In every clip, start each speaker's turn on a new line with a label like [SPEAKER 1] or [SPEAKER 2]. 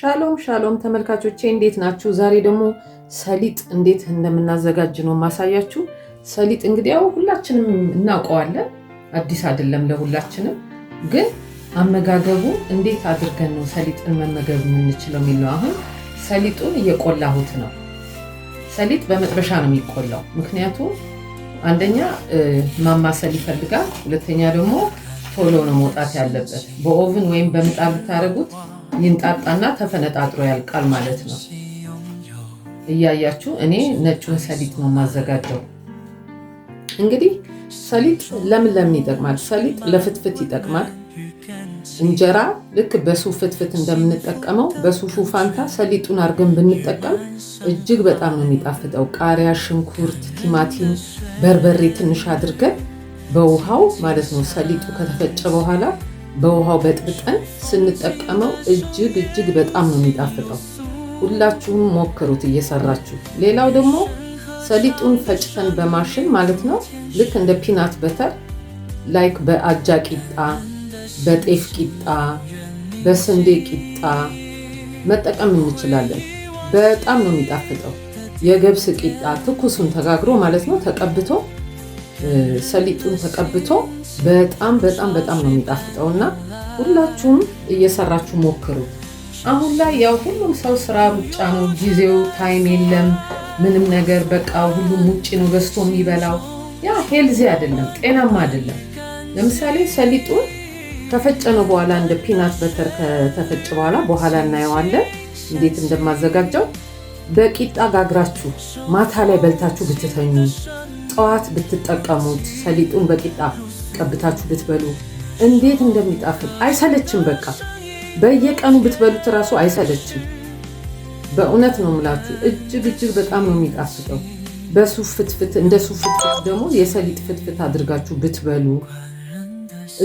[SPEAKER 1] ሻሎም ሻሎም ተመልካቾቼ እንዴት ናችሁ? ዛሬ ደግሞ ሰሊጥ እንዴት እንደምናዘጋጅ ነው ማሳያችሁ። ሰሊጥ እንግዲህ ያው ሁላችንም እናውቀዋለን፣ አዲስ አይደለም ለሁላችንም። ግን አመጋገቡ እንዴት አድርገን ነው ሰሊጥን መመገብ የምንችለው የሚለው አሁን ሰሊጡን እየቆላሁት ነው። ሰሊጥ በመጥበሻ ነው የሚቆላው፣ ምክንያቱም አንደኛ ማማሰል ይፈልጋል፣ ሁለተኛ ደግሞ ቶሎ ነው መውጣት ያለበት። በኦቭን ወይም በምጣድ ብታደርጉት ይንጣጣና ተፈነጣጥሮ ያልቃል ማለት ነው። እያያችሁ እኔ ነጩን ሰሊጥ ነው የማዘጋጀው። እንግዲህ ሰሊጥ ለምን ለምን ይጠቅማል? ሰሊጥ ለፍትፍት ይጠቅማል። እንጀራ ልክ በሱፍ ፍትፍት እንደምንጠቀመው በሱፉ ፋንታ ሰሊጡን አድርገን ብንጠቀም እጅግ በጣም ነው የሚጣፍጠው። ቃሪያ፣ ሽንኩርት፣ ቲማቲም፣ በርበሬ ትንሽ አድርገን በውሃው ማለት ነው ሰሊጡ ከተፈጨ በኋላ በውሃው በጥብጠን ስንጠቀመው እጅግ እጅግ በጣም ነው የሚጣፍጠው። ሁላችሁም ሞክሩት እየሰራችሁ። ሌላው ደግሞ ሰሊጡን ፈጭተን በማሽን ማለት ነው ልክ እንደ ፒናት በተር ላይክ በአጃ ቂጣ፣ በጤፍ ቂጣ፣ በስንዴ ቂጣ መጠቀም እንችላለን። በጣም ነው የሚጣፍጠው። የገብስ ቂጣ ትኩሱን ተጋግሮ ማለት ነው ተቀብቶ ሰሊጡን ተቀብቶ በጣም በጣም በጣም ነው የሚጣፍጠው እና ሁላችሁም እየሰራችሁ ሞክሩ። አሁን ላይ ያው ሁሉም ሰው ስራ ሩጫ ነው፣ ጊዜው ታይም የለም ምንም ነገር በቃ ሁሉም ውጭ ነው ገዝቶ የሚበላው። ያ ሄልዚ አይደለም፣ ጤናማ አይደለም። ለምሳሌ ሰሊጡን ከፈጨነው በኋላ እንደ ፒናት በተር ከተፈጨ በኋላ በኋላ እናየዋለን እንዴት እንደማዘጋጀው በቂጣ ጋግራችሁ ማታ ላይ በልታችሁ ብትተኙ ጠዋት ብትጠቀሙት ሰሊጡን በቂጣ ቀብታችሁ ብትበሉ እንዴት እንደሚጣፍጥ አይሰለችም። በቃ በየቀኑ ብትበሉት እራሱ አይሰለችም። በእውነት ነው የምላችሁ፣ እጅግ እጅግ በጣም ነው የሚጣፍጠው። በሱፍ ፍትፍት እንደ ሱፍ ፍትፍት ደግሞ የሰሊጥ ፍትፍት አድርጋችሁ ብትበሉ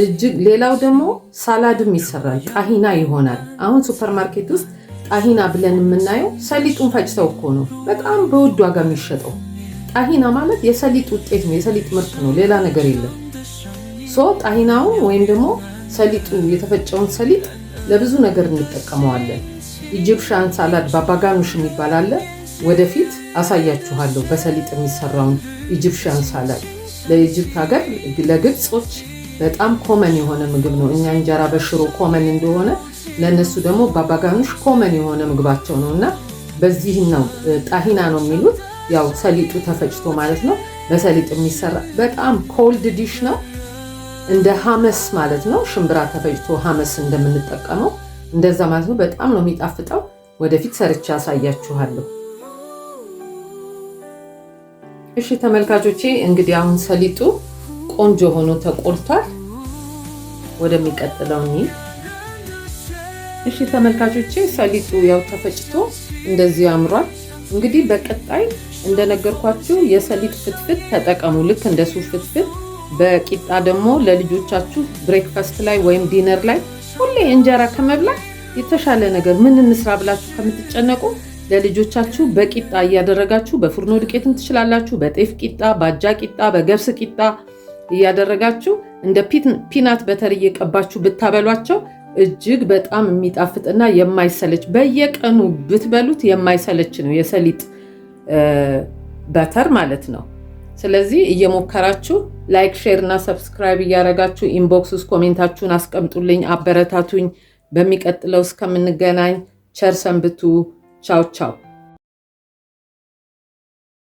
[SPEAKER 1] እጅግ። ሌላው ደግሞ ሳላድም ይሰራል፣ ጣሂና ይሆናል። አሁን ሱፐርማርኬት ውስጥ ጣሂና ብለን የምናየው ሰሊጡን ፈጭተው እኮ ነው በጣም በውድ ዋጋ የሚሸጠው። ጣሂና ማለት የሰሊጥ ውጤት ነው፣ የሰሊጥ ምርት ነው፣ ሌላ ነገር የለም። ሶ ጣሂናውን ወይም ደግሞ ሰሊጡ የተፈጨውን ሰሊጥ ለብዙ ነገር እንጠቀመዋለን። ኢጂፕሽያን ሳላድ ባባጋኑሽ የሚባል አለ። ወደፊት አሳያችኋለሁ በሰሊጥ የሚሰራውን ኢጂፕሽያን ሳላድ። ለኢጅፕት ሀገር ለግብጾች በጣም ኮመን የሆነ ምግብ ነው። እኛ እንጀራ በሽሮ ኮመን እንደሆነ ለእነሱ ደግሞ ባባጋኑሽ ኮመን የሆነ ምግባቸው ነው እና በዚህ ነው ጣሂና ነው የሚሉት። ያው ሰሊጡ ተፈጭቶ ማለት ነው። በሰሊጥ የሚሰራ በጣም ኮልድ ዲሽ ነው። እንደ ሀመስ ማለት ነው። ሽምብራ ተፈጭቶ ሀመስ እንደምንጠቀመው እንደዛ ማለት ነው። በጣም ነው የሚጣፍጠው። ወደፊት ሰርቼ አሳያችኋለሁ። እሺ ተመልካቾቼ እንግዲህ አሁን ሰሊጡ ቆንጆ ሆኖ ተቆልቷል። ወደሚቀጥለው እንሂድ። እሺ ተመልካቾቼ ሰሊጡ ያው ተፈጭቶ እንደዚህ አምሯል። እንግዲህ በቀጣይ እንደነገርኳችሁ የሰሊጥ ፍትፍት ተጠቀሙ። ልክ እንደ ሱፍ ፍትፍት በቂጣ ደግሞ ለልጆቻችሁ ብሬክፋስት ላይ ወይም ዲነር ላይ ሁሌ እንጀራ ከመብላት የተሻለ ነገር ምን እንስራ ብላችሁ ከምትጨነቁ ለልጆቻችሁ በቂጣ እያደረጋችሁ በፍርኖ ዱቄትም ትችላላችሁ። በጤፍ ቂጣ፣ በአጃ ቂጣ፣ በገብስ ቂጣ እያደረጋችሁ እንደ ፒናት በተር እየቀባችሁ ብታበሏቸው እጅግ በጣም የሚጣፍጥና የማይሰለች በየቀኑ ብትበሉት የማይሰለች ነው፣ የሰሊጥ በተር ማለት ነው። ስለዚህ እየሞከራችሁ ላይክ፣ ሼር እና ሰብስክራይብ እያደረጋችሁ ኢንቦክስ ውስጥ ኮሜንታችሁን አስቀምጡልኝ፣ አበረታቱኝ። በሚቀጥለው እስከምንገናኝ ቸር ሰንብቱ። ቻው ቻው።